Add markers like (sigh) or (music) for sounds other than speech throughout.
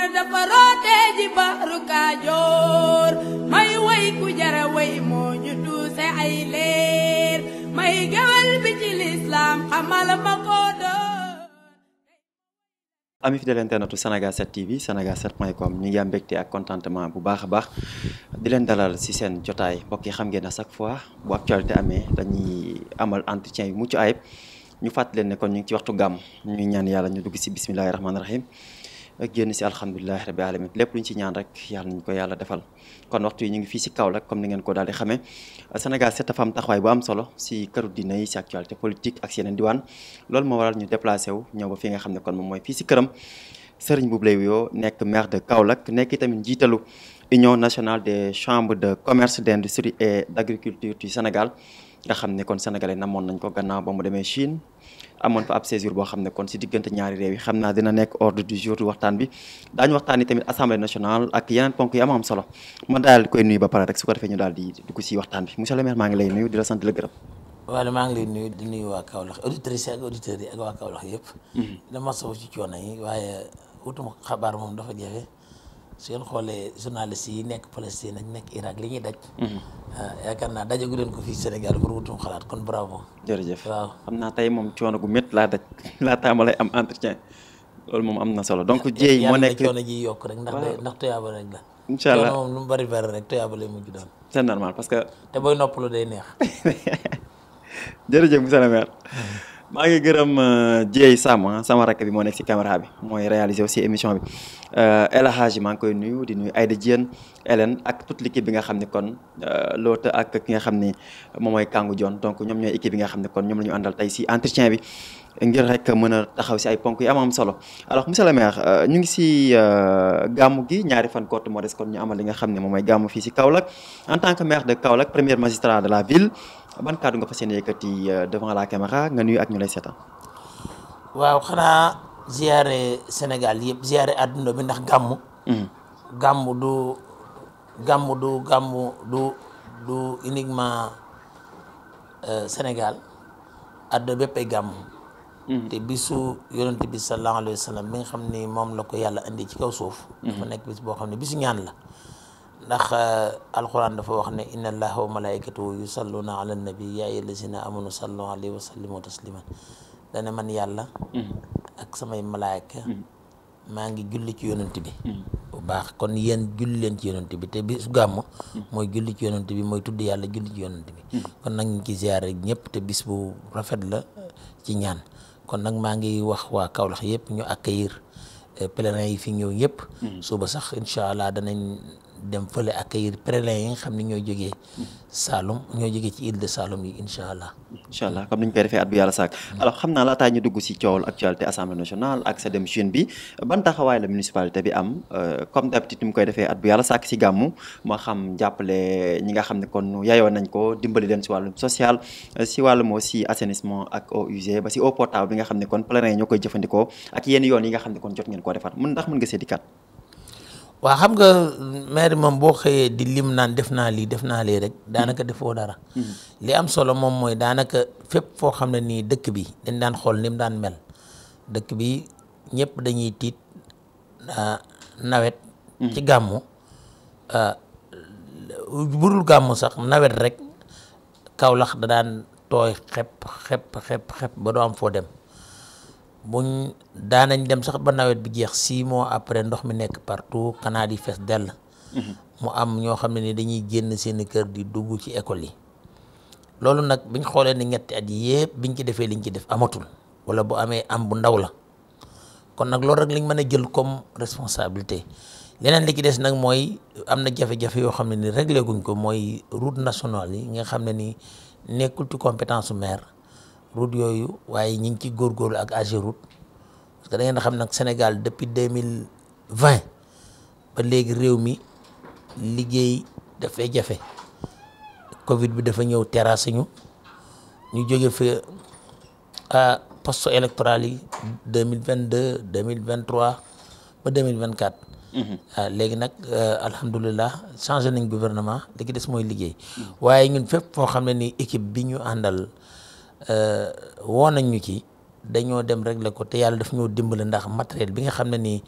nu dafa roote ji baaru Kajoor may way ku jara way moo ñu tuuse ay leer may géwél bi ci lislaam xamal ma ko doon ami fidèle internetu Sénégal TV Sénégal point com ñu ngi am mbégte ak contentement bu baax a baax di leen dalal si seen jotaay mbokk yi xam ngeen à chaque fois bu actualité amee dañuy amal entretien yu mucc ayib ñu fàttali leen ne kon ñu ngi ci waxtu gàmm ñu ñaan yàlla ñu dugg si bismillahi rahmaani rahim ak génn si alhamdulilahi rabi alamin lépp luñ ci ñaan rek yàlla nañ ko yàlla defal kon waxtu yi ñu ngi fii si Kaolack comme ni ngeen ko daal di xamee Sénégal set dafa am taxawaay bu am solo si këru diine yi si actualité politique ak yeneen diwaan loolu moo waral ñu déplacé wu ñëw ba fi nga xam ne kon moom mooy fii si këram sëriñ Boubou lay wuyoo nekk maire de Kaolack nekk tamit njiitalu Union nationale de chambre de commerce d'industrie et d'agriculture du Sénégal nga xam ne kon sénégalais namoon nañ ko gannaaw ba mu demee Chine amoon fa ab séjour boo xam ne kon si diggante ñaari réew yi xam naa dina nekk ordre du jour waxtaan bi daañu waxtaan tamit assemblée nationale ak yeneen ponk yi am am solo ma daal koy nuyu ba pare rek su ko defee ñu daal di dugg si waxtaan bi monsieur le maire maa ngi lay nuyu di la sant di la gërëm. waaw maa ngi lay nuyu di nuyu waa Kaolack auditrices yi ak auditeurs yi ak waa Kaolack yëpp. Mhm. dama sow ci coono yi waaye wutuma xabaar moom dafa jafe. su ngeen xoolee journaliste yi nekk Palestine ak nekk Irak li ñuy daj. Mhm. Ah, yaakaar naa dajagu leen ko fii Sénégal pour wutum xalaat kon bravo. jërëjëf waaw xam naa tey moom coono gu métti laa daj (laughs) laataa ma lay am entretien loolu moom am na solo donc. jéey moo nekk coono ji yokk rek ndax ndax tuyaaba rek la. incha allah coono lu bari bari rek tuyaaba lay mujj doon. c'est normal parce que. te booy noppalu day neex. (laughs) jërëjëf monsieur le (laughs) maa ngi gërëm euh, Dieye Sam ah, sama rakk bi moo nekk si caméra bi mooy réaliser si émission bi euh, El maa ngi koy nuyu di nuy nuyu Aïda Diène Hélène ak toute l'équipe bi nga xam ne kon euh, loota ak ki nga xam ne moo mooy Kangou Dione donc ñoom ñooy équipe bi nga xam ne kon ñoom la ñu àndal tey si entretien bi ngir rek mën a taxaw si ay ponk yi am am solo alors monsieur le maire ñu ngi si gàmmu gi ñaari fan kott moo des kon ñu amal li nga xam ne moom mooy gàmmu fii si Kaolack tant que maire de Kaolack premier magistrat de la ville ban kàddu nga fas yéene yëkkati euh, devant la caméra nga nuyu ak ñu lay seetaan. waaw xanaa ziare Sénégal yëpp ziare àdduna bi ndax gàmmu. Mm-hmm. gàmmu du gàmmu du gàmmu du du euh, Sénégal adduna bépp ay gàmmu. Mm-hmm. te bisu yonent bi sallallahu alayhi wa sallam bi nga xam ni moom la ko yàlla indi ci kaw suuf. Mm-hmm. boo xam ne bisu ñaan la. ndax eh, alquran dafa wax ne inna allaha wa malaikatahu yusalluna ala nabi ya ayyuha allazina amanu sallu alayhi wa sallimu tasliman dane man yàlla mm-hmm. ak samay malaayka mm-hmm. maa ngi julli ci yonent bi mm-hmm. bu baax kon yéen julli leen ci yonent bi te bisu gàmm mooy julli ci yonent bi mooy tudd yàlla julli ci yonent kon nag ñu ci ñëpp te bis bu rafet la eh, ci ñaan kon nag maa ngi wax waa Kaolack yëpp ñu accueillir eh, pèlerins yi fi ñëw yëpp suba sax incha allah dem fële accueillir pèlerins yi nga xam ni ñoo jógee Saloum ñoo jógee ci île de Saloum yi incha allah. incha allah comme ni ñu koy defee at bu yàlla saak. Mm-hmm. alors xam naa ñu dugg si coowal actualité assemblée nationale ak sa dem jeune bi ban bi am euh, comme d' koy defee at bu yàlla si gàmmu ma xam jàppale ñi nga xam ne kon yaayoon nañ ko dimbali leen si wàllum social si euh, wàllum aussi assainissement ak eau usée ba si eau potable bi nga xam ne kon pèlerins ñoo koy jëfandikoo ak yenn yoon yi nga xam ne kon jot ngeen koo defaat mun ndax mën nga see dikkaat waa xam nga maire moom boo xëyee di lim naan def naa lii def naa lii rek hmm. daanaka defoo dara. Hmm. li am solo moom mooy daanaka fépp foo xam ne nii dëkk bi dañ daan xool ni mu daan mel dëkk bi ñëpp dañuy tiit ah, nawet. Hmm. ci gàmmu ah, burul gàmmu sax nawet rek Kaolack da daan tooy xepp xepp xepp ba doo am foo dem. buñ daanañ dem sax ba nawet bi jeex six mois après ndox mi nekk partout kanaat yi fees dell. Mhm. mu am ñoo xam ne ni dañuy génn seeni kër di dugg ci école yi. loolu nag biñ xoolee ni ñetti at yi yëpp biñ ci defee liñ ci def amatul wala bu amee am bu ndaw la kon nag loolu rek lañ mën a jël comme responsabilité leneen li ci des nag mooy am na jafe-jafe yoo xam ne ni réglé guñ ko mooy route nationale yi nga xam ne ni nekkul ci compétence maire. route yooyu waaye ñi ngi ci góorgóorlu ak AGEROUTE parce que da ngeen xam nag Sénégal depuis deux mille vingt ba léegi réew mi liggéey dafay jafe Covid bi dafa ñëw terrasse ñu ñu jóge fi à poste électoral yi mille vingt deux deux mille vingt trois ba mille vingt quatre. Mhm. Ah, léegi nag euh, alhamdulilah changé nañ gouvernement li des mooy liggéey. waaye ñun fépp foo xam ne ni équipe bi ñu àndal. Euh, woo nañ ñu ci dañoo dem régler ko te yàlla daf ñoo dimbali ndax matériel bi nga xam ne nii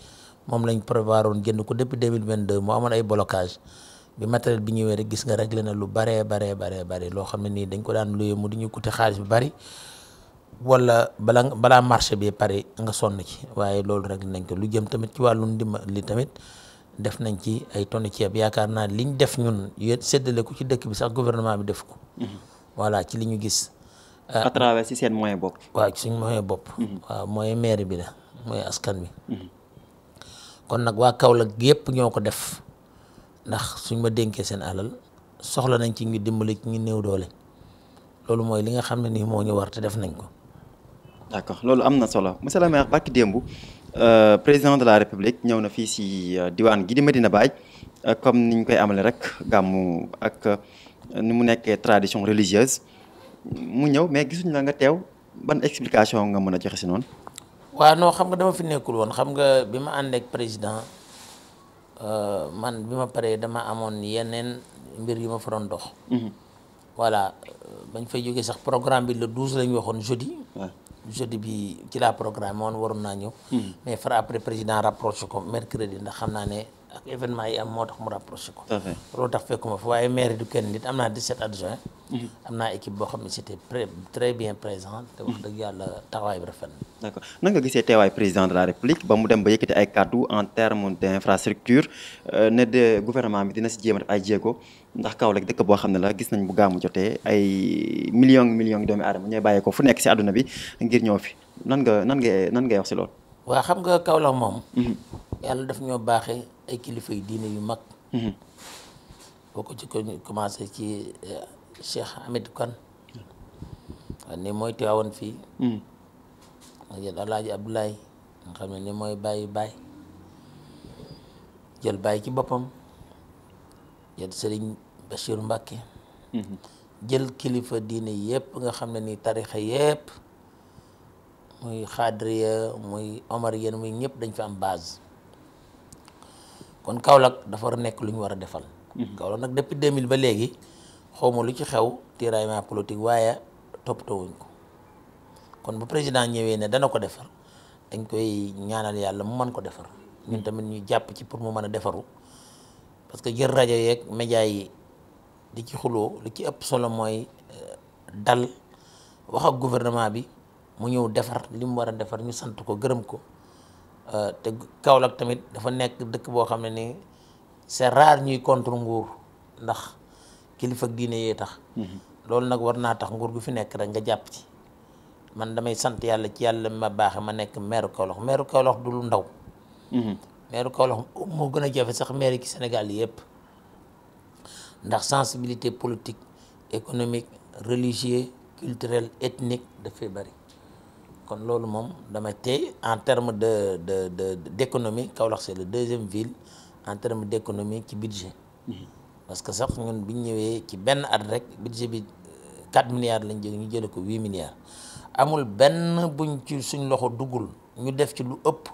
moom lañ prévoir woon jënd ko depuis deux mille vingt deux moo amoon ay blocage bi matériel bi ñëwee rek gis nga réglé na lu baree baree baree bare loo xam ne nii dañ ko daan mu di ñu coûté xaalis bu bari wala bala balaa marché bi pare nga sonn ci waaye loolu rek nañ ko lu jëm tamit ci wàllu ndimb li tamit def nañ ci ay tonn ceeb yaakaar naa liñ def ñun yéen séddale ko ci dëkk bi sax gouvernement bi def ko. Mm-hmm. voilà ci li ñu gis. Euh, à travers ci seen moyen bopp. waaw ci suñ moyen bopp. Mm-hmm. waaw mooy maire bi la mooy askan bi mm-hmm. kon nag waa Kaolack yépp ñoo ko def ndax suñ ma dénkee seen alal soxla nañ ci ñu dimbali ci ñu néew doole loolu mooy li nga xam ne nii moo ñu war te def nañ ko. d'accord loolu am na solo monsieur le maire barki démb euh, président de la république ñëw na fii si euh, diwaan gi di Medina Baye comme niñ koy amale rek gàmmu ak ni mu nekkee tradition religieuse. mu ñëw mais gisuñu la nga teew ban explication nga mën a joxe si noonu. waaw non xam nga dama fi nekkul woon xam nga bi ma àndeek ak président euh, man bi ma paree dama amoon yeneen mbir yu ma fa doon dox. Mhm. voilà bañ fay jógee sax programme bi le douze la ñu waxoon jeudi. jeudi bi ci la programme woon waroon naa ñëw. Mhm. mais far après président rapproché ko mercredi ndax xam naa ne. ak événement yi am moo tax mu rapproché ko. loolu tax fekkuma fa waaye maire du kenn nit am naa 17 adjoint mm-hmm. am naa équipe boo xam ne c'était très te wax dëgg yàlla taxawaay bi rafet président de la république ba mu dem ba yëkkati ay kàddu en terme d'infrastructure euh, ne de gouvernement bi dina si jéemat ay jéego ndax Kaolack dëkk boo xam ne la gis nañ bu gaamu jotee ay million millions yi doomi aadama ñooy bàyyee ko fu nekk si àdduna bi ngir ñëw fi nan nga nan nga nan ngay wax si lool waaw xam nga Kaolack moom. Mm-hmm. yàlla daf ay kilifa yu diine yu mag. Mhm. boo ko ci commencé ci eh, Cheikh Hamid Kane. ni mooy teewoon fii. Mhm. jël Alaaji Abdoulaye nga xam ne ni mooy bàyyi bàyyi jël bàyyi ci boppam jël Serigne Bachir Mbacke. Mhm. jël kilifa diine yépp nga xam ne ni tarixa yépp muy xaadriya muy omar yéen muy ñëpp dañ fi am base. kon Kaolack dafa war a nekk lu ñu war a defal. Mhm. Kaolack nag depuis 2000 ba léegi xawma lu ci xew tiraillement politique waaye toppatoo wuñ ko kon bu président ñëwee ne dana ko defar dañ koy ñaanal yàlla mu man ko defar. ñun mhm. tamit ñu jàpp ci pour mu mën a defaru parce que jël rajo yeeg média yi di ci xuloo lu ci ëpp solo mooy euh, dal wax ak gouvernement bi mu ñëw defar li mu war a defar ñu sant ko gërëm ko. Euh, te Kaolack tamit dafa nekk dëkk boo xam ne nii c'est rare ñuy contre nguur ndax kilifa diine yee tax. Mm-hmm. loolu nag war naa tax nguur gu fi nekk rek nga jàpp ci man damay sant yàlla ci yàlla ma baax ma nekk maire Kaolack maire Kaolack du lu ndaw. Mm-hmm. maire Kaolack moo gën a jafe sax maire ci Sénégal yëpp ndax sensibilité politique économique religieux culturel ethnique dafay bari. kon loolu moom dama tey en terme de de de d' économie Kaolack c'est la deuxième ville en terme d' ci budget mhm. parce que sax ñun bi ñu ñëwee ci benn at rek budget bi 4 milliards lañ jële ñu jëlee ko 8 milliards amul benn buñ ci suñ loxo duggul ñu def ci lu ëpp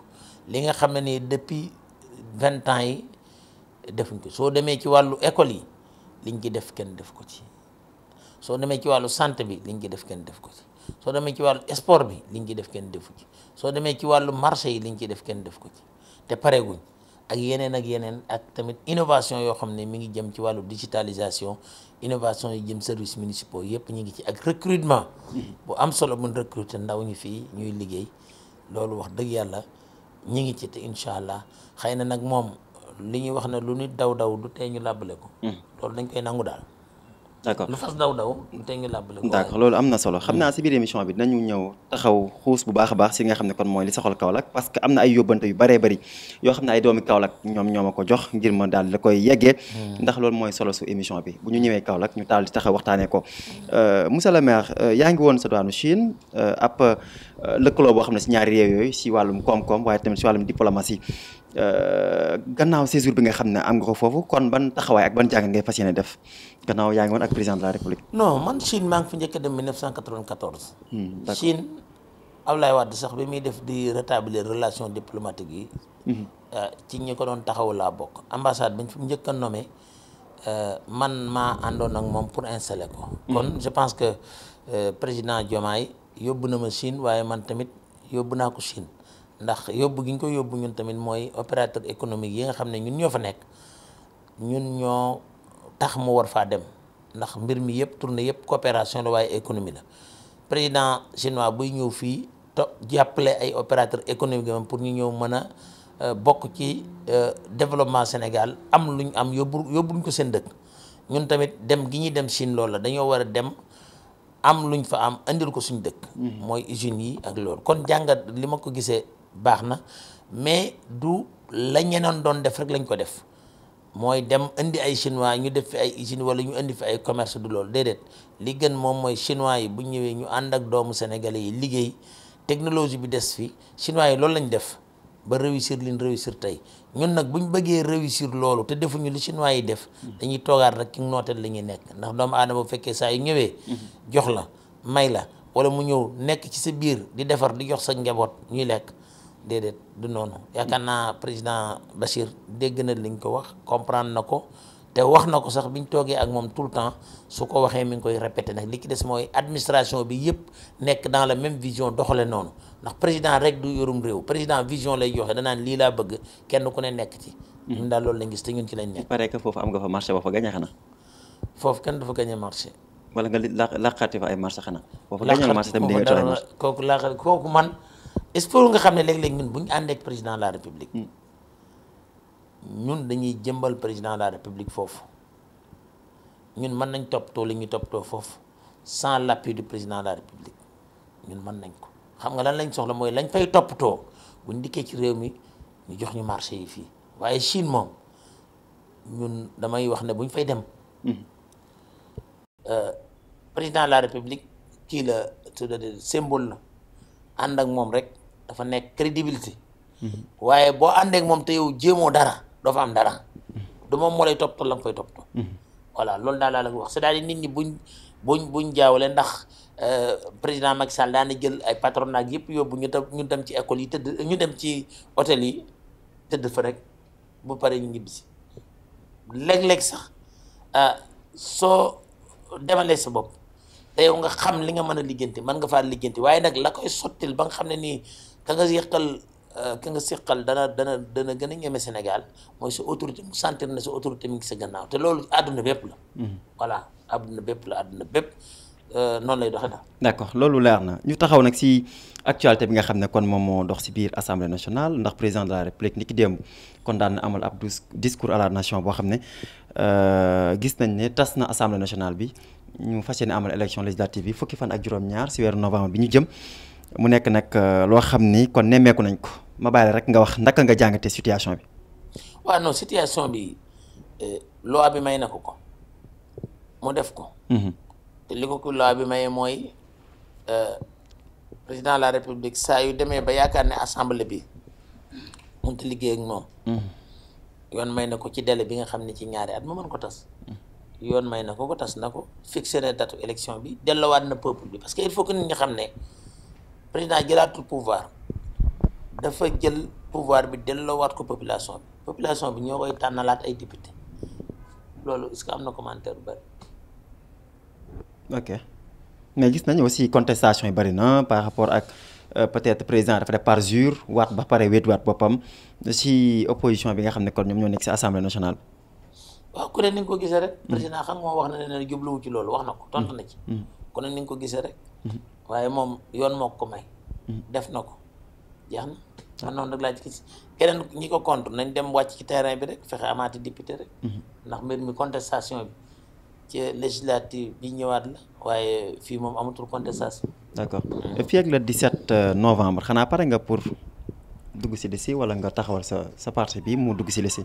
li nga xam ne nii depuis vingt ans yi defuñ ko soo demee ci wàllu école yi liñ ci def kenn def ko ci soo demee ci wàllu santé bi liñ ki def kenn def ko ci soo demee ci wàllu sport bi liñ ci def kenn defu ci soo demee ci wàllu marché yi liñ ci def kenn def ko ci te pareeguñ ak yeneen ak yeneen ak tamit innovation yoo xam ne mi ngi jëm ci wàllu digitalisation innovation yi jëm service municipaux yëpp ñu ngi ci ak recrutement bu am solo mun recruter ndaw ñi fii ñuy liggéey loolu wax dëgg yàlla ñu ngi ci te incha allah xëy na nag moom li ñuy wax ne lu nit daw daw lu tee ñu làbbale ko hmm. loolu dañ koy nangu daal d' accord lu fas daw daw te loolu am na solo xam naa si biir émission bi dinañu ñëw taxaw xuus bu baax a baax si nga xam ne kon mooy li soxal Kaolack parce que am na ay yóbbante yu bëree bëri yoo xam ne ay doomi Kaolack ñoom ñoo ma ko jox ngir ma daal la koy yeggee hmm. ndax loolu mooy solo su émission bi bu ñu ñëwee Kaolack ñu taal di taxaw waxtaanee ko euh, monsieur le maire euh, yaa ngi woon sa daanu Chine euh, ab lëkkaloo boo xam ne si ñaari réew yooyu si wàllum koom-koom waaye tamit si wàllum diplomatie gannaaw séjour bi nga xam ne am ko foofu kon ban taxawaay ak ban jàng ngay fas yéene def gannaaw yaa ngi woon ak président de la république. non man Chine maa ngi fi njëkk dem 1994. d' accord Chine Ablaye Wade sax bi muy def di rétablir relation diplomatique yi. Hmm. Euh, ci ñi ko doon taxaw laa bokk ambassade bi ñu fi njëkk a nommé euh, man maa àndoon ak moom pour installer ko. Hmm. kon je pense que euh, président Diomaye yóbbu na ma Chine waaye man tamit yóbbu naa ko Chine. ndax yóbbu gi ñu ko yóbbu ñun tamit mooy opérateur économique yi nga xam ne ñun ñoo fa nekk ñun ñoo tax mu war faa dem ndax mbir mi yëpp tournée yëpp coopération la waaye économie la président chinois buy ñëw fii to jàppale ay opérateurs économiques moom pour ñu ñëw mën a euh, bokk ci euh, développement Sénégal am lu ñu am yóbbu yóbbuñ ko seen dëkk ñun tamit dem gi ñuy dem Chine lool la dañoo war a dem am luñ fa am indil ko suñ dëkk. Mm-hmm. mooy usines yi ak loolu kon jàngat li ma ko gisee baax na mais du la ñeneen doon def rek lañ ko def. mooy dem indi ay chinois ñu def fi ay usine wala ñu indi fi ay commerce du loolu déedéet li gën moom mooy chinois yi bu ñëwee ñu ànd ak doomu sénégalais yi liggéey technologie bi des fi chinois yi loolu lañ def ba réussir liñ réussir tey ñun nag bu ñu bëggee réussir loolu te defuñu li chinois yi def dañuy toogaat rek ki nooteel li ñuy nekk ndax doomu aadama bu fekkee saa yu ñëwee mhm. jox la may la wala mu ñëw nekk ci sa biir di defar di jox sa njaboot ñuy lekk déedéet du noonu yaakaar naa président Bachir dégg na liñ ko wax comprendre na ko te wax na ko sax bi ñu toogee ak moom tout le temps su ko waxee mi ngi koy répété nag li ki des mooy administration bi yëpp nekk dans la même vision doxale noonu ndax président rek du yorum réew président vision lay joxe danaan lii laa bëgg kenn ku ne nekk ci. ñun daal loolu lañ gis te ñun ci lañ nekk. il paraît que foofu am nga fa marché fa gañe xanaa. foofu kenn du gañe marché. wala nga laqaati fa ay marché xanaa. laqaati marché tamit di nga joxe marché kooku laqaati kooku man. est nga xam ne léeg-léeg ñun bu ñu ànd ak hmm. ñun dañuy jëmbal président la république foofu ñun mën nañ topptoo li ñuy toppatoo foofu sans l' appui du président de la république ñun mën nañ ko xam nga lan lañ soxla mooy lañ fay toppatoo buñ dikkee ci réew mi ñu jox ñu marché yi fii waaye Chine moom ñun damay wax ne buñ fay dem. Hmm. Euh, président la république kii la tuddee symbole la ànd ak moom rek dafa nekk crédibilité waaye boo àndeek moom te yow jéemoo dara doo fa am dara du moom moo lay topp la nga koy topp voilà loolu daal laa la ko wax c'est-à-dire nit ñi buñ buñ buñ jaawale ndax euh, président Macky Sall daana jël ay patronat yëpp yóbbu ñu dem ñu dem ci école yi tëdd ñu dem ci hôtel yi tëdd fa rek bu paree ñu ñibbisi léeg-léeg sax euh, soo demalee sa bopp te yow nga xam li nga mën a liggéeyante mën nga faa liggéeyante waaye nag la koy sottil ba nga xam ne nii ka nga yëqal euh, ka nga siqal dana dana gën a ñeme Sénégal mooy sa autorité mu sentir na sa autorité mi ngi sa gannaaw te loolu àdduna bépp la mm-hmm. voilà àdduna bépp la àdduna bépp euh, noonu lay doxee na d'accord loolu leer na ñu taxaw nag si actualité bi nga xam ne kon moom moo dox si biir assemblée nationale ndax président de la république ni ki démb kon daan na amal ab discours à la nation boo xam ne euh, gis nañ ne tas na assemblée nationale bi ñu fas yéene amal élection législative bi fukki fan ak juróom-ñaar ci weeru novembre bi ñu jëm. mu nekk nag euh, loo xam ni kon nemmeeku nañ ko ma bàyyi rek nga wax naka nga jàngatee situation bi. waaw non situation bi euh, loi bi may na ko ko mu def ko. Mhm. te li ko ko loi bi maye mooy euh, président de la république saa yu demee ba yaakaar ne assemblée bi mënut liggéey ak moom. Mhm. yoon may na ko ci délai bi nga xam ne ci ñaari at mu mën ko tas. yoon may na ko ko tas na ko fixé na date élection bi dellowaat na peuple bi parce que il faut que nit ñi xam ne. président jëlaatul pouvoir dafa jël pouvoir bi delloowaat ko population bi population bi ñoo koy tànnalaat ay député loolu est-ce am na commentaire bu bari. ok mais gis nañu aussi contestation yi bari na par rapport ak euh, peut-être président dafa par parjure waat ba pare wéet waat boppam si opposition bi nga xam ne kon ñoom ñoo nekk si assemblée nationale. waaw ku ne ni ko gisee rek. Hmm. président xam nga moo wax na ne jubluwu ci loolu wax na ko ton hmm. na ci. Hmm. waaye moom yoon moo ko may. Mm. def na ko jeex na. man noonu rek laa ci gis keneen ñi ko contre nañ dem wàcc ci terrain bi rek fexe amaati député rek. Mm-hmm. ndax mbir mi contestation bi ci législative bi ñëwaat la waaye fii moom amatul contestation. d'accord fii ak le 17 euh, novembre xanaa pare nga pour dugg si liste wala nga taxawal sa sa parti bi mu dugg si liste.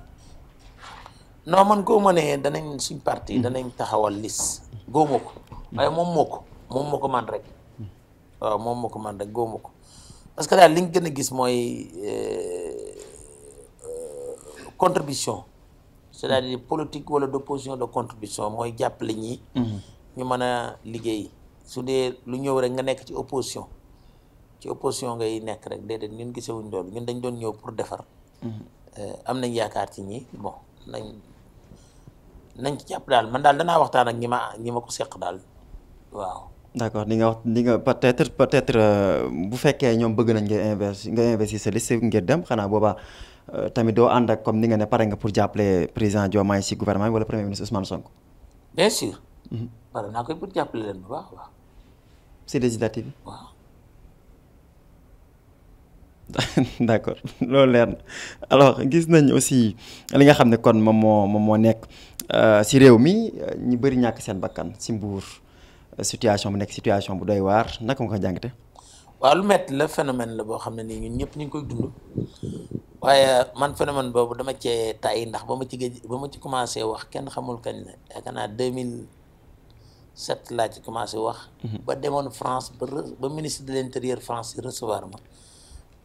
non man góoma ne danañ suñ parti mm. danañ taxawal lis góoma ko mm. waaye moom moo ko moom moo ko man rek. waaw moom moo ko man rek góomu ko parce que daal li nga gën a gis mooy euh, contribution c'est-à-dire politique wala d'opposition de contribution mooy jàppale ñi mhm. ñu mën a liggéey su dee lu ñëw rek nga nekk ci opposition ci opposition ngay nekk rek déedéet ñun gisewuñ loolu ñun dañ doon ñëw pour defar mhm. euh, am nañ yaakaar ci ñi bon nañ nañ ci jàpp daal man daal danaa waxtaan ak ñi ma ñi ma ko seq daal waaw d' accord di nga wax ni nga peut être peut être euh, bu fekkee ñoom bëgg nañ nga investi nga investir sa liste ngir dem xanaa boobaa euh, tamit doo ànd ak comme ni nga ne pare nga pour jàppale président Diomaye si gouvernement bi wala premier ministre Ousmane Sonko. bien sûr. Mhm. pare naa koy leen bu baax a baax. si législative bi. waaw. (laughs) d' accord loolu leer na alors gis nañ aussi li nga xam ne kon moom moo moom moo nekk euh, si réew mi ñu bëri ñàkk seen bakkan si mbuur situation bu nekk situation bu doy waar naka nga ko jàngate waaw lu metti la phénomène la boo xam ne nii ñun ñëpp ñu ngi koy dund waaye man phénomène boobu dama cee tay ndax ba ma ci gëj ba ma ci commencé wax kenn xamul kañ la yaakaar mille set laa ci commencé wax. Mhm. ba demoon France ba ba ministre de l' intérieur France recevoir ma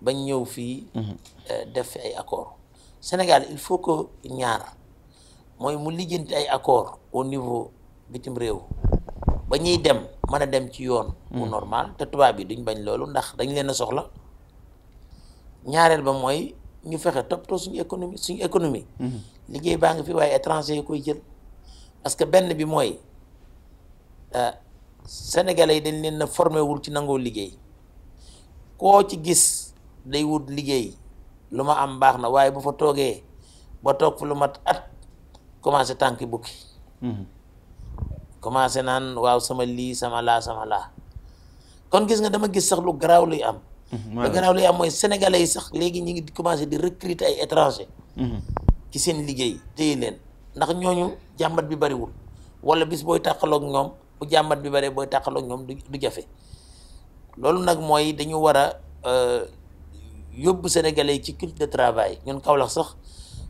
ba ñëw fii. Mhm. Euh, def fi ay accord Sénégal il faut que ñaar mooy mu lijjanti ay accord au niveau bitim réew. ba ñuy dem mën a dem ci yoon. bu hmm. normal te tubaab bi duñ bañ loolu ndax dañ leen a soxla ñaareel ba mooy ñu fexe toppatoo suñu économie suñu économie. Hmm. liggéey baa ngi fi waaye étranger yi koy jël parce que benn bi mooy euh, sénégalais yi dañ leen a formé wul ci nangoo liggéey koo ci gis day wut liggéey lu ma am baax na waaye bu fa toogee ba toog fa lu mat at commencé tànki bukki. Hmm. commencé naan waaw sama lii sama laa sama laa kon gis nga dama gis sax lu garaaw luy am. Mm-hmm. lu garaaw luy am mooy sénégalais yi sax léegi ñu ngi commencé di recruter ay étranger mm-hmm. ci seen liggéey téye leen ndax ñooñu jàmbat bi bariwul wala bis booy tàqaloog ñoom bu jàmbat bi bari booy tàqaloog ñoom du du jafe loolu nag mooy dañu war a euh, yóbbu sénégalais yi ci culture de travail ñun Kaolack sax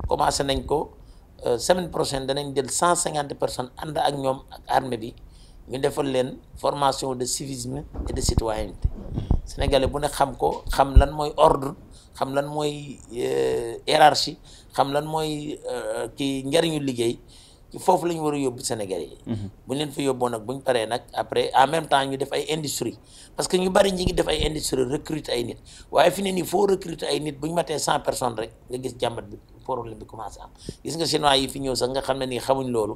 commencé nañ ko. Euh, semaine prochaine danañ jël cent cinquante personnes ànd ak ñoom ak armée bi ñu defal leen formation de civisme et de citoyenneté sénégalais bu ne xam ko xam lan mooy ordre xam lan mooy euh, hiérarchie xam lan mooy euh, kii njariñu liggéey ci foofu la ñu war a yóbbu sénégalais yi mhm. bu neen leen fa yóbboo nag bu ñu paree nag après en même temps ñu def ay industrie parce que ñu bari ñi ngi def ay industrie recruter ay nit waaye fi ne nii foo recruter ay nit bu ñu matee cent personnes rek nga gis jàmbat bi problème bi commencé am gis nga chinois yi fi ñëw sax nga xam ne nii xamuñ loolu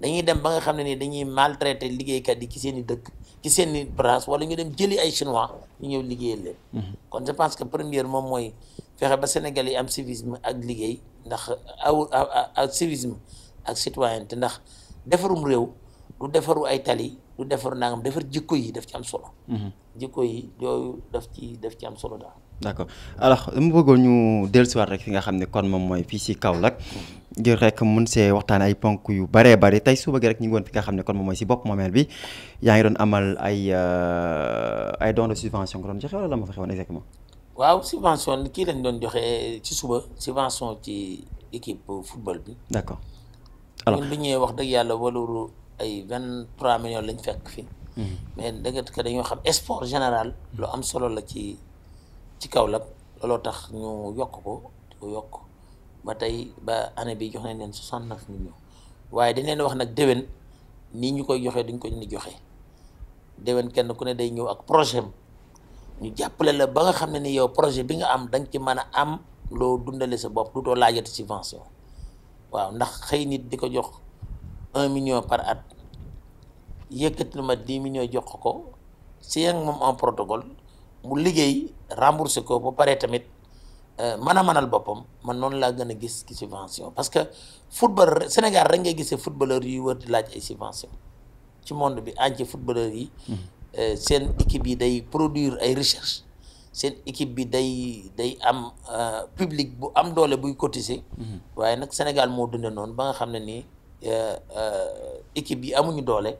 dañuy dem ba nga xam ne nii dañuy maltraité liggéeykat yi ci seen i dëkk ci seen i branche wala ñu dem jëli ay chinois ñu ñëw liggéeyal leen kon je pense que première moom mooy fexe ba Sénégal yi am civisme ak liggéey ndax aw ak civisme ak citoyenneté ndax defarum réew du defaru ay tali du defaru nangam defar jikko yi daf ci am solo mm-hmm. jikko yi daf ci daf ci am solo daal d' accord alors dama bëggoon ñu dellusiwaat rek fi nga xam ne kon moom mooy fii si kaw Kaolack ngir rek mun se waxtaan ay ponk yu baree bare tey suba gi rek ñu ngi fi nga xam ne kon moom mooy si bopp moomeel bi yaa ngi doon amal ay euh, ay dons subvention nga doon joxe wala la ma fa xewoon exactement. waaw subvention kii lañ doon joxe ci suba subvention ci équipe football bi. d' accord alors ñun bu wax dëgg yàlla waluru ay vingt trois millions lañ fekk fi mhm. mais dëgg ka dañoo xam sport général lu am solo la ci. ci kaw Kaolack looloo tax ñu yokk ko di yokk ba tey ba année bi jox nañ leen soixante neuf millions waaye dañ leen wax nag déwén nii ñu koy joxee dañ ko ni joxe déwén kenn ku ne day ñëw ak projet am ñu jàppale la ba nga xam ne ni yow projet bi nga am da ci mën a am loo dundale sa bopp du too laajati subvention waaw ndax xëy nit di ko jox un million par at yëkkati lu ma dix millions jox ko si yéen moom en protocole mu liggéey remboursé ko ba pare tamit euh, mën a mënal boppam man noonu laa gën a gis ci subvention parce que football Sénégal rek ngay gisee footballeur yuy wër di laaj ay subvention ci monde bi entier footballeur yi. Mm-hmm. Euh, seen équipe yi day produire ay recherche seen équipe bi day day am euh, public bu am doole buy cotiser. Mm-hmm. waaye nag Sénégal moo dundee noonu ba nga xam ne nii. Euh, euh, équipe yi amuñu doole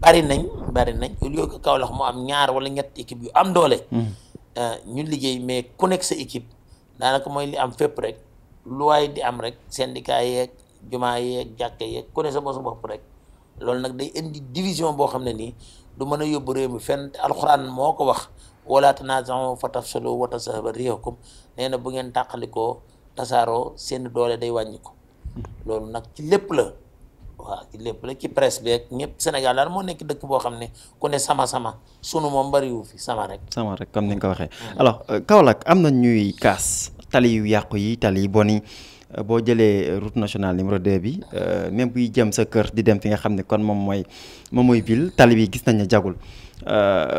bari nañ bari nañ au lieu que Kaolack moo am ñaar wala ñett équipe yu am doole. Hmm. Euh, ñu liggéey mais ku nekk sa équipe daanaka mooy li am fépp rek lu waaye di am rek syndicat yeeg jumaa yeeg jàkka yeeg ku ne sa bopp rek loolu nag day indi division boo xam ne nii du mën a yóbbu réew mi fenn te alxuraan moo ko wax wala tanaza'u fatafshalu wa tazhaba riihukum nee na bu ngeen tàqalikoo tasaaroo seen doole day wàññi hmm. loolu nag ci lépp la. waaw ci lépp la ci presse bi ak ñëpp Sénégal daal moo nekk dëkk boo xam ne ku ne sama sama sunu moom bariwu fi sama rek. sama rek comme ni nga waxee. Mm. alors euh, Kaolack am na ñuy kaas tali yu yàqu yi tali yu bon euh, boo jëlee euh, route nationale numéro de bi même buy jëm sa kër di dem fi nga xam ne kon moom mooy moom mooy ville tali bi gis nañ ne jagul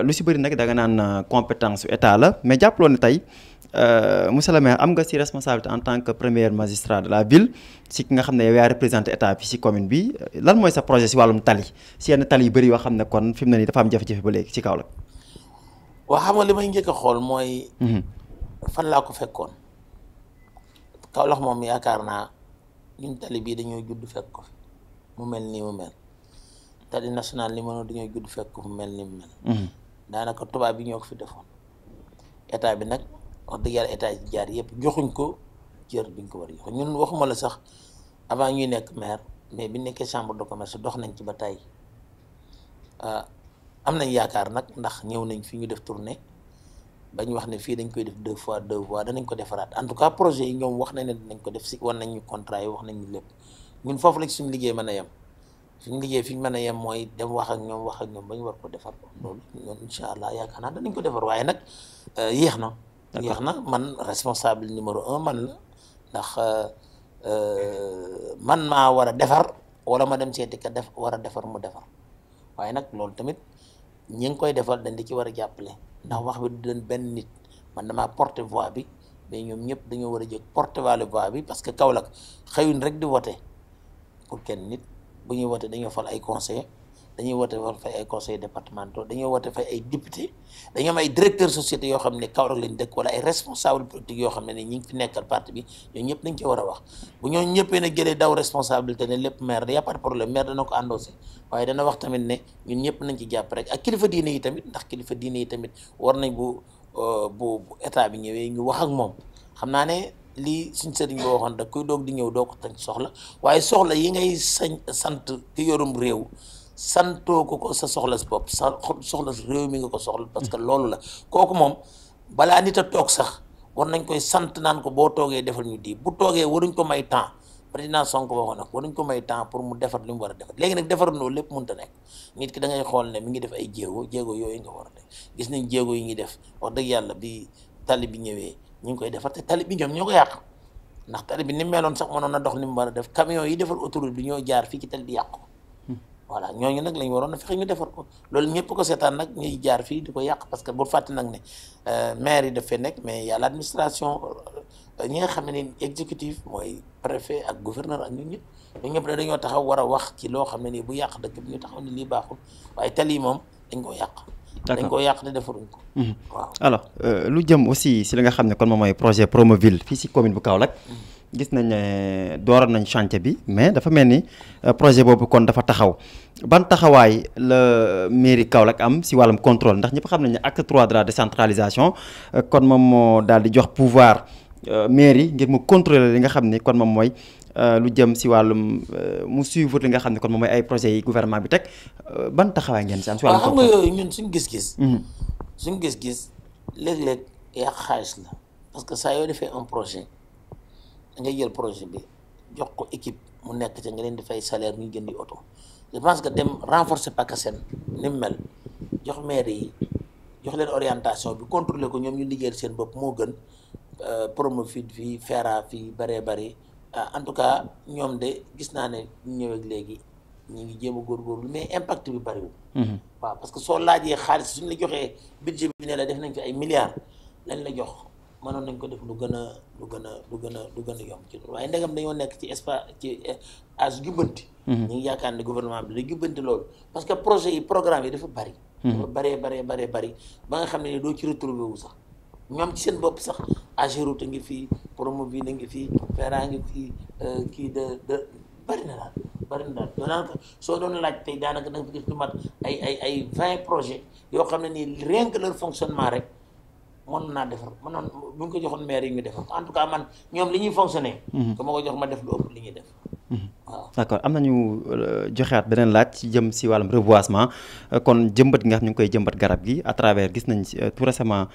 lu si bëri nag danga naan compétence u état la mais jàppaloo ne tey. Euh, monsieur le maire am nga si responsabilité en tant que premier magistrat de la ville si ki nga xam ne yow yaa représenté état bi si commune bi lan mooy sa projet si wàllum tali si yenn tali yu bëri yoo xam ne kon fi mu ne nii dafa am ba si kaw la. waaw xam nga li may njëkk a xool mooy. Mhm. fan laa ko fekkoon. Kaolack moom yaakaar naa ñun tali bii dañoo judd fekk ko fi mu mel nii mu mel tali national li mënoo dañoo judd fekk ko mu mel nii mu mel. Mhm. daanaka tubaab bi ñoo ko fi defoon état bi nag wax dëgg yàlla état yi jaar yëpp joxuñ ko cër bi ko war a jox ñun waxuma la sax avant ñuy nekk maire mais bi nekkee chambre de commerce dox nañ ci ba tey ah, am nañ yaakaar nag ndax ñëw nañ fi ñu def tournée bañ wax ne fii dañ koy def deux fois deux fois danañ ko defaraat en tout cas projet yi ñoom wax nañ ne dinañ ko def si wan nañ ñu contrat yi wax nañ ñu lépp ñun foofu la suñ liggéey mën a yem suñu liggéey fi ñu mën a yem mooy dem wax ak ñoom wax ak ñoom ba ñu war ko defar loolu incha allah yaakaar naa danañ ko defar waaye nag ah, yéex na. tax na man responsable numéro un man la ndax euh, man maa war a defar wala ma dem seeti ka def war a defar mu defar waaye nag loolu tamit ñi ngi koy defar da di ci war a jàppale ndax wax bi du doon benn nit man damaa porte voix bi mais ñoom ñëpp dañoo war a jóg porte voix bi parce que Kaolack xëyun rek di vote pour kenn nit bu ñuy vote dañoo fal ay conseil dañuy woote woon fay ay conseils départementaux dañuy woote fay ay député dañoo am ay directeurs sociétés yoo xam ne Kaolack lañ dëkk wala ay responsable politique yoo xam ne ne ñi ngi fi nekkal parti bi ñooñu ñëpp dañ ci war a wax bu ñoo ñëppee na jëlee daw responsabilité ne lépp maire y a pas de problème maire dana ko endossé dana wax tamit ne ñun ñëpp nañ ci jàpp rek ak kilifa diine yi tamit ndax kilifa diine yi tamit war nañ bu euh, bu bu état bi ñëwee ñu wax ak moom xam naa ne lii suñ sëriñ bi waxoon da kuy doog di ñëw doo ko tañ soxla waaye soxla yi ngay sañ sant ki yorum réew santoo ko ko sa soxlas bopp sa soxlas réew mi nga ko soxla parce que loolu la kooku moom balaa nit a toog sax war nañ koy sant naan ko boo toogee defal ñu di bu toogee waruñ ko may temps président Sonko waxoon war nañ ko may temps pour mu defar li mu war a def léegi nag defar loolu lépp mënta nekk nit ki dangay ngay xool ne mi ngi def ay jéego jéego yooyu nga war a def gis nañ jéego yi ngi def wax dëgg yàlla bi tali bi ñëwee ñu ngi koy defar te tali bi ñoom ñoo ko yàq ndax tali bi sax mënoon na dox mu war a def camion yi defar autoroute bi ñoo jaar fii ci tali bi yàqu voilà ñooñu nag lañ waroon a fexe ñu defar ko loolu ñëpp ko seetaan nag ñuy jaar fii di ko yàq parce que bu fàtte nag ne euh, maire yi daf fee nekk mais y a l'administration euh, ñi nga xam ne ni exécutif mooy préfet ak gouverneur ak ñu ñëpp ñëpp ne dañoo taxaw war a wax ci loo xam ne nii bu yàq dëkk bi ñu taxaw ni lii baaxul waaye tali yi moom dañ koo yàq dañ koo yàq ne defaruñ ko mhm. waaw alors euh, lu jëm aussi si li nga xam ne kon moom mooy projet Promoville fii si commune bu Kaolack mhm. gis nañ ne dooral nañ chantier bi mais dafa mel ni euh, projet boobu kon dafa taxaw ban taxawaay la mairie Kaolack am si wàllum contrôle ndax ñëpp xam nañ ne acte 3 de la euh, kon moom moo daal di jox pouvoir euh, mairie ngir mu contrôler li nga xam ne kon moom mooy lu jëm si wàllum mu suivre li nga xam ne kon moom mooy ay projets yi gouvernement bi teg ban taxawaay ngeen si am. si wàllum ah, contrôle waaw nga yooyu ñun suñu gis-gis. Mhm. suñu gis-gis léeg la da jël projet bi jox ko équipe mu nekk ca nga leen di fay salaire ñuy jëndi oto je pense que dem renforcer seen ni mu mel jox maire yi jox leen orientation bi contrôler ko ñoom ñu liggéeyal seen bopp moo gën promo euh, Promovilles fii Fera fii bëree bëri euh, en tout cas ñoom de gis naa ne ñu léegi ñu ngi jéem a góorgóorlu mais impact bi bëriwul. Mm-hmm. waaw parce que soo laajee xaalis suñ la joxee budget bi ne la def nañ fi ay milliards lañ la jox. mënoon nañ ko def lu gën a lu gën a lu gën a lu gën a yomb ci loolu waaye ndegam dañoo nekk ci espace ci eh, as jubbanti mhm. ñu yaakaar ne gouvernement bi da jubbanti loolu parce que projet yi programme yi dafa bari mhm. dafa baree baree baree bari ba nga xam ne ni doo ci retrouvé wu sax ñoom ci seen bopp sax Ageroute ngi fii Promoville a ngi fii Fera a fii euh, kii de de na daal bari na daal soo doon laaj tey daanaka nag nga gis lu mat ay ay ay vingt projets yoo xam ne nii rien que fonctionnement rek mën naa defar mën naa bu ñu ko joxoon maire yi ñu defar en tout cas man ñoom li ñuy fonctionner. que mhm. ma ko jox ma def lu ëpp li ñuy def. Mhm. waaw d'accord am nañu euh, joxeaat beneen laaj ci jëm si wàllum reboisement euh, kon jëmbat gi nga xam ñu ngi koy jëmbat garab gi à travers gis nañ euh, tout récemment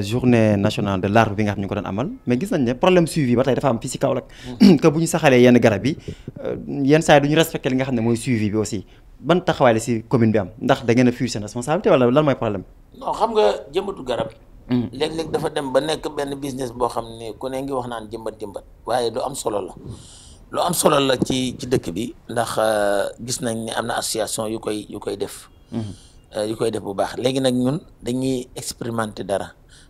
journée nationale de l'arbre bi nga xam ñu ko doon amal mais gis nañ ne problème suivi ba tey dafa am fii si Kaolack mhm. (coughs) que bu yenn garab yi yenn saa yi du ñu respecté li nga xam ne mooy suivi bi aussi ban taxawaay la si commune bi am ndax da ngeen a fuir seen responsabilité wala lan mooy problème non xam nga jëmbatu garab Mm. léeg-léeg dafa dem ba nekk benn business boo xam ne ku ne ngi wax naan jëmbat jëmbat waaye lu am solo la lu am solo la ci ci dëkk bi ndax euh, gis nañ ni am na association yu koy yu koy def mm-hmm. euh, yu koy def bu baax léegi nag ñun dañuy expérimente dara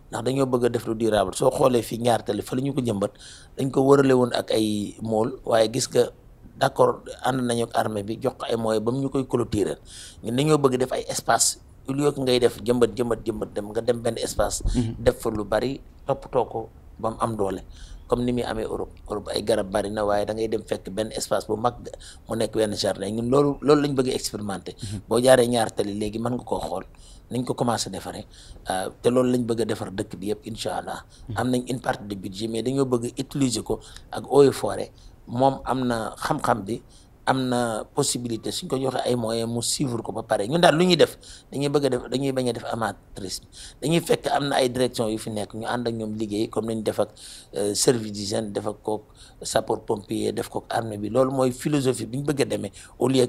ndax dañoo bëgg a def lu durable soo xoolee fii ñaar li fa la ñu ko jëmbat dañ ko wërale woon ak ay mool waaye gis nga d'accord ànd nañu ak bi jox ko ay moyens ba mu ñu koy clôturer ñun dañoo bëgg def ay espace au lieu que ngay def jëmbat jëmbat jëmbat dem nga dem benn espace. Mhm. def fa lu bari toppatoo ko ba mu am doole. comme ni muy amee Europe Europe ay garab bari na waaye da ngay dem fekk benn espace bu mag mu nekk wenn jardin ñun loolu loolu lañ bëgg expérimenter. Mhm. boo jaaree ñaar tali léegi mën nga koo xool nañ ko commencé defaree euh, te loolu lañ bëgg a defar dëkk bi yëpp incha allah. Mhm. am nañ une partie de budget mais dañoo bëgg utiliser ko ak eaux et forêt moom am na xam-xam bi. am na possibilité suñ ko joxee ay moyens mu suivre ko ba pare ñun daal lu ñuy def dañuy bëgg def dañuy bañ a def amateurisme dañuy fekk am na ay direction yu fi nekk ñu ànd ak ñoom liggéey comme nañ def ak euh, service d'hygiène def ak kook sapeur pompier def kook armée bi loolu mooy philosophie bi ñu bëgg a demee au lieu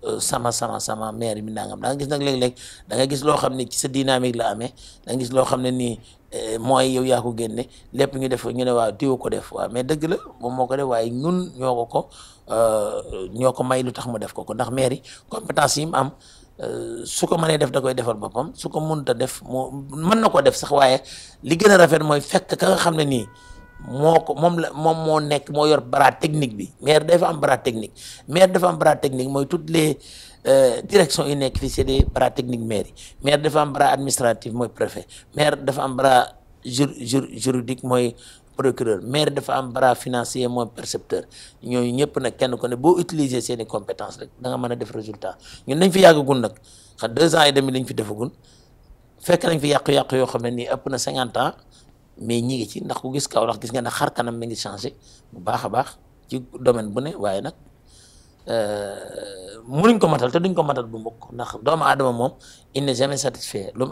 Euh, sama sama sama maire mi nangam da gis nag léeg-léeg da nga gis loo xam ne ci sa dynamique la amee da gis loo xam ne nii eh, mooy yow yaa ko génne lépp ñu def ñu ne diw ko def mais dëgg la moom moo ko def waaye ñun ñoo ko ko euh, ñoo ko may lu tax mu def ko ko ndax maire yi compétence yi mu am euh, su ko mënee def da koy defal boppam su ko mënut a def moo mën na ko def sax waaye li gën a rafet mooy fekk ka nga xam ne nii. moo ko moom la moom moo nekk moo yor bras technique bi maire dafa am bras technique maire dafa am bras technique mooy toutes les euh, directions yi nekk fii c'est des bras techniques maire yi maire dafa am bras administratif mooy préfet maire dafa am bras juridique mooy procureur maire dafa am bras financier mooy percepteur ñooñu ñëpp nag kenn ko ne boo utiliser seeni compétence rek da nga mën a def résultat ñun dañ fi yàggagul nag xam deux ans et demi lañ fi defagul fekk nañ fi yàqu-yàqu yoo xam ne nii ëpp na cinquante ans mais ñi ngi ci ndax ku gis Kaolack gis nga ne xar kanam mi ngi changé bu baax a baax ci domaine bu ne waaye nag euh, nuñ ko matal te duñ ko matal bu mukk ndax doomu aadama moom il n'est jamais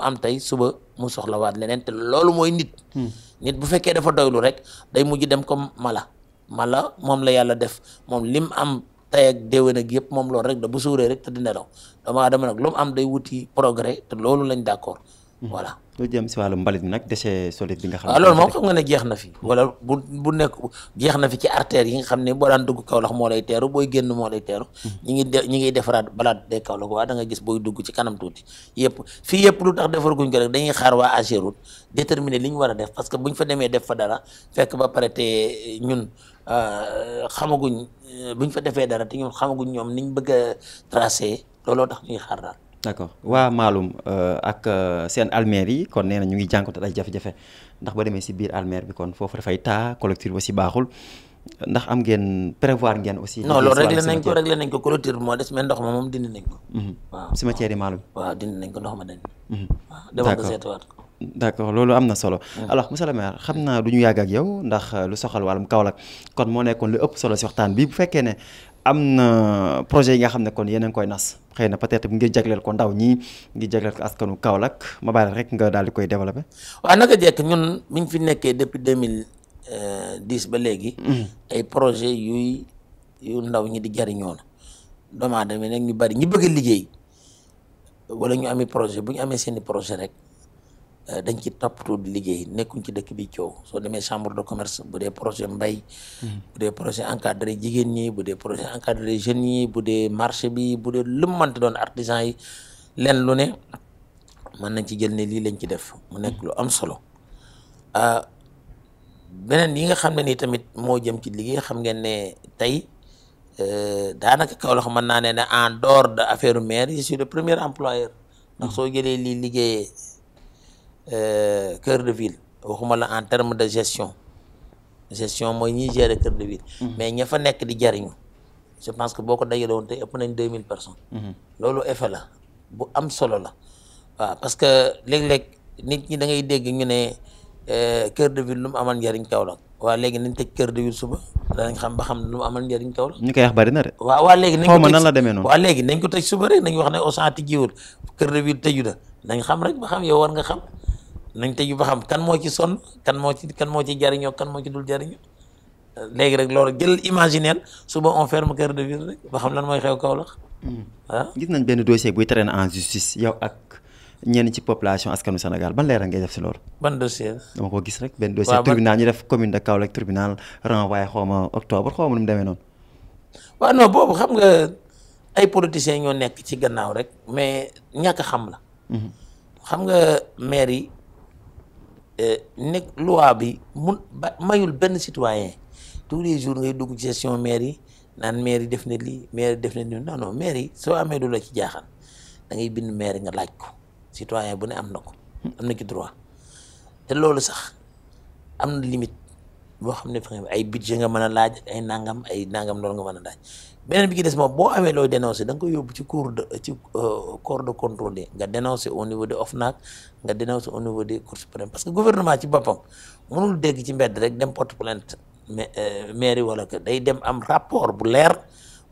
am tey suba mu soxlawaat leneen loolu mooy nit. Hmm. nit bu fekkee dafa doylu rek day mujj dem comme mala. mala moom la yàlla def moom lim am tey ak déwén ak yëpp moom loolu rek da bu suuree rek te dina daw doomu aadama nag lu am day wuti progrès te loolu lañ d'accord. Mhm. voilà. lu jëm si wàllu mbalit nag déchet solide bi xam ne. waaw ah, loolu moom xam nga ne jeex na fi. wala bu bu nekk jeex na fi ci artères yi nga xam ne boo daan dugg Kaolack moo lay teeru booy génn moo lay teeru. Mhm. ñi ngi de ñi ngi defaraat balaat de Kaolack waa da nga gis booy dugg ci kanam tuuti yëpp fii yëpp lu tax defaraguñ ko rek dañuy xaar waa Ageroute déterminer li ñu war a def parce que buñ fa demee def fa dara fekk ba pare te ñun euh, xamaguñ euh, buñ fa defee dara te ñun xamaguñ ñoom niñ bëgg a tracé looloo tax ñuy xaar daal. d' accord waa Maalum euh, ak euh, seen almeer yi kon nee na ñu ngi jànkuwut ay jafe-jafe ndax ba demee si biir almeer bi kon foofu dafay taa collecteur ba si baaxul ndax am ngeen prévoir ngeen aussi. non loolu réglé nañ ko réglé nañ ko collecteur bi moo des mais ndox ma moom dindi nañ ko. Mhm. waaw cimetière yi Maalum. waaw dindi nañ ko ndox ma dañ. d' accord waaw demoon d' accord loolu am na solo. alors monsieur le maire xam naa du ñu yàgg ak yow ndax lu soxal wàllum Kaolack kon moo nekkoon lu ëpp solo si waxtaan bi bu fekkee ne am na projet yi nga xam ne kon yeneen koy nas xëy na peut-être ngir jagleel ko ndaw ñi ngir jagleel ko askanu Kaolack ma bàyyi rek nga daal di koy développé. nag a jekk ñun mi ñu fi nekkee depuis deux mille euh, dix ba léegi. Mm-hmm. ay projet yuy yu ndaw ñi di jariñoo la doomu aadama nag ñu bari ñu bëgg liggéey wala ñu amee projet bu ñu amee seeni projet rek. Euh, dañ ci toppatoo di liggéey nekkuñ ci dëkk bi coow soo demee chambre de commerce bu dee projet mbay hmm. bu dee projet encadré jigéen ñi bu dee projet encadré jeunes yi bu dee marché bi bu dee lu mënti doon artisan yi leen lu ne mën nañ ci jël ne lii lañ ci def mu nekk lu am solo euh, beneen yi nga xam ne nii tamit moo jëm ci liggéey xam ngeen ne tey euh, daanaka Kaolack mën naa ne ne en dehors de affaire maire je suis le premier employeur ndax hmm. soo jëlee lii liggéeyee Euh, cœur de ville waxuma la en terme de gestion gestion mooy ñiy gérer cœur de ville. Mhm. mais ña fa nekk di jariñu je pense que boo ko dajale woon tey ëpp nañ deux mille personnes. Mhm. loolu effet la bu am solo la waaw parce que léeg-léeg nit ñi da ngay dégg ñu ne euh, cœur de ville lu mu amal njariñ Kaolack waa léegi nañ tëj cœur de ville suba danañ xam ba xam lu mu amal njariñ Kaolack. ñu koy wax bari na de. waaw waa léegi nañ ko tëj waa léegi nañ ko tëj suba rek nañ wax ne au sant jiwul cœur de ville tëju na nañ xam rek ba nga xam. nañ tey ba xam kan moo ci sonn kan moo ci kan moo ci jariñoo kan moo ci dul jariñoo léegi rek loolu jël imaginaire suba on ferme cœur de ville rek ba xam lan mooy xew Kaolack hmm. ah. gis nañ benn dossier buy traîner en justice yow ak ñenn ci population askanu Sénégal ban leeral ngay def si loolu. ban dossier dama ko gis rek benn dossier. waaw tribunal ñu def commune de Kaolack tribunal renvoyé xaw ma octobre xaw ma nu mu noonu. waaw non boobu xam nga ay politiciens ñoo nekk ci gannaaw rek mais ñàkk xam la. Hmm. xam nga maire yi Euh, nekk loi bi mun ba mayul benn citoyen tous les jours ngay dugg gestion maire yi naan maire yi def na lii maire yi def na lii non non maire yi soo amee du la ci jaaxal dangay ngay bind maire nga laaj ko citoyen bu ne am na ko am na ci droit te loolu sax am na limite boo xam ne fa ay budget nga mën a laaj ay nangam ay nangam loolu nga mën a laaj beneen bi ci des moom boo amee looy dénoncé da nga koy yóbbu ci cour de ci euh, corps de contrôle nga dénoncé au niveau de OFNAC nga dénoncé au niveau de cours suprême parce que gouvernement ci boppam mënul dégg ci mbedd rek dem porte plainte euh, wala day dem am rapport bu leer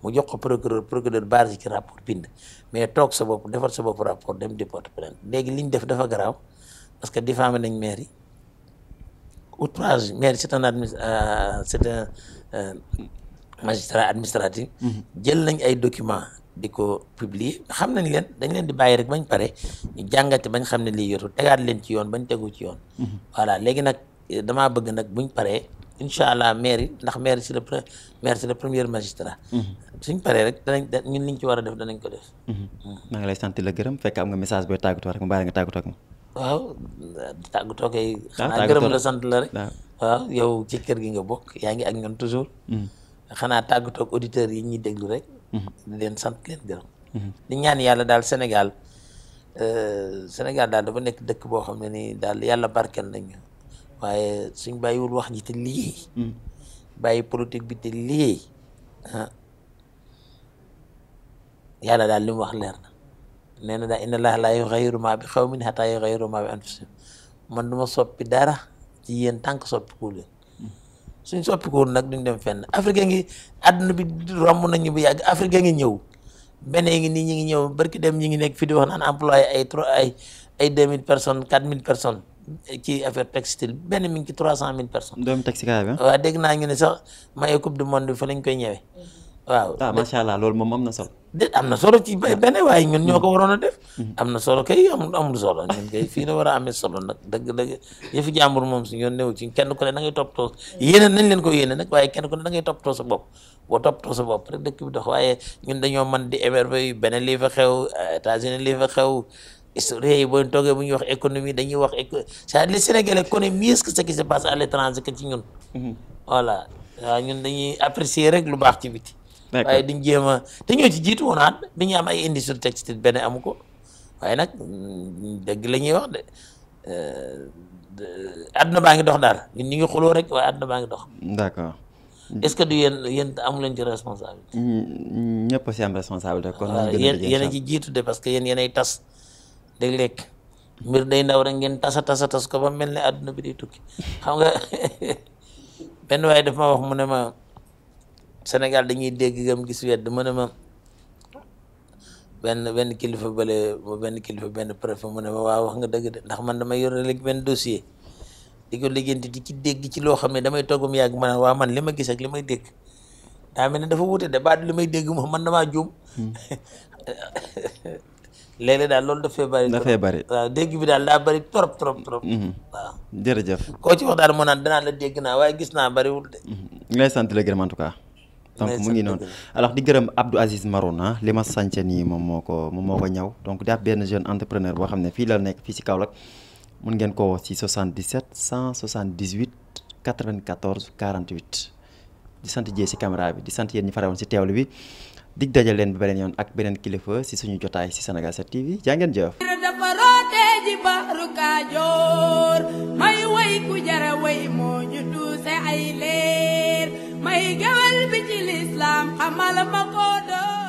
mu jox ko procureur procureur base ci rapport bind mais toog sa bopp defar sa bopp rapport dem di porte plainte léegi li ñu def dafa garaaw parce que diffamé nañ mairie outrage mairie c'est un administ euh, c'est magistrat administratif mhm. jël nañ ay document di ko publier xam nañ leen dañ leen di bàyyi rek bañ pare ñu jàngate bañ xam ne lii yotu tegaat leen ci yoon bañ tegu ci yoon mhm. voilà léegi nag eh, damaa bëgg nag buñ paree incha allah maire ndax maire si le maire c'est le premier magistrat mhm. suñ pare rek danañ ñun liñ ci war a def danañ ko def maa ngi lay sant la gërëm fekk am nga message booy tàggatoo rek mu bàyyi nga tàggatoo ak waaw tàggatoo kay ah, xanaa gërëm la sant la rek ah. waaw yow ci kër gi nga bokk yaa ngi ak ñun toujours xanaa tàggatoog auditeurs yi ñuy déglu rek. Mhm. leen sant leen gërëm. Mhm. di ñaan yàlla daal Sénégal euh, Sénégal daal dafa nekk dëkk boo xam ne ni daal yàlla barkeel nañu waaye suñ bàyyiwul wax ji te lii. Mhm. bàyyi politique bi te lii ah. yàlla daal li wax leer na nee na daal inna llaaha laa yughayyiru maa bi qawmin hattaa yughayyiru maa bi anfusihim man du soppi dara ci yéen tànk soppi ku leen suñ soppi ko woon nag duñ dem fenn Afrique ngi àdduna bi romb nañu bu yàgg Afrique ngi ñëw beneen ngi nii ñu ngi ñëw barki dem ñu ngi nekk fii di wax naan employé ay trois ay deux mille personnes quatre mille personnes ci affaire textile benn mi ngi ci trois cent mille personnes. doomu textile bi. Ah? waaw dégg naa ñu ne sax maye coupe du monde fa lañ koy ñëwee. Mm-hmm. waaw ah macha allah loolu moom am na solo. déet am na solo ci ah. benn waaye ñun ñoo ko waroon a def. Mm-hmm. am na solo kay amul amul solo ñun kay fii la war a ame solo nag dëgg dëgg yëfi jàmbur moom si ñoon new ci kenn ku ne da ngay toppatoo yéene nañ leen ko yéene nag waaye kenn ku ne da ngay toppatoo sa bopp boo toppatoo sa bopp rek dëkk bi dox waaye ñun dañoo man di émerveillé beneen lii fa xew États-Unis lii fa xew. historiens yi boo toogee bu ñuy wax économie dañuy wax éco sa à dire les Sénégalais connaissent mieux que ce qui se passe à l'étranger que mm-hmm. ñun. dañuy apprécier rek lu baax ci biti. waaye di jéem a te ñoo ci jiitu woon naat bi ñu am ay industrie textile benn amu ko waaye nag mm, dégg la ñuy wax de euh, àdduna baa ngi dox daal ñun ñu ngi xuloo rek waaye àdduna baa ngi dox. d'accord. est-ce que du yéen yéen amu leen ci responsabilité. ñëpp si am responsabilité. kon yéen a ci jiitu de parce que yéen yéenay tas léeg-léeg mbir day ndaw rek ngeen tasa tasa tas ko ba mel ne àdduna bi di tukki xam nga (laughs) benn waaye daf ma wax mu ne ma. Sénégal dañuy dégg gam gis wedd mën a ma benn benn kilifa bële benn kilifa benn préfet mu ne ma waaw wax nga dëgg de ndax man damay yore léegi benn dossier di ko liggéenti di ci dégg ci loo xam ne damay toggum yàgg ma ne waa man li ma gis li may dégg daa mel ne dafa wuute de baat li may dégg moom man damaa juum hmm. (laughs) léeg daal loolu dafay bari dafay bari dégg bi daal daa bari trop trop trop hmm. Hmm. waaw jërëjëf koo ci wax daal moo naan danaa la dégg naa waaye gis naa bariwul de ñu lay sant la donc mu ngi noonu alors di gërëm Abdou Aziz Marouna li ma sànce nii moom moo ko moom moo ko ñaw donc di ab benn jeune entrepreneur boo xam ne fii la nekk fii si Kaolack mun ngeen ko woo si 77 178 94 48 di sant jee si caméra bi di sant yéen ñi farewoon si teewlu bi dig dajal leen ba beneen yoon ak beneen kilifa si suñu jotaay si Sénégal 7 TV jaa ngeen jëf. dafa rootee ji baaru Kajoor may way ku jara way moo ñu tuuse ay leer may bi ci lislaam xamal ma ko doon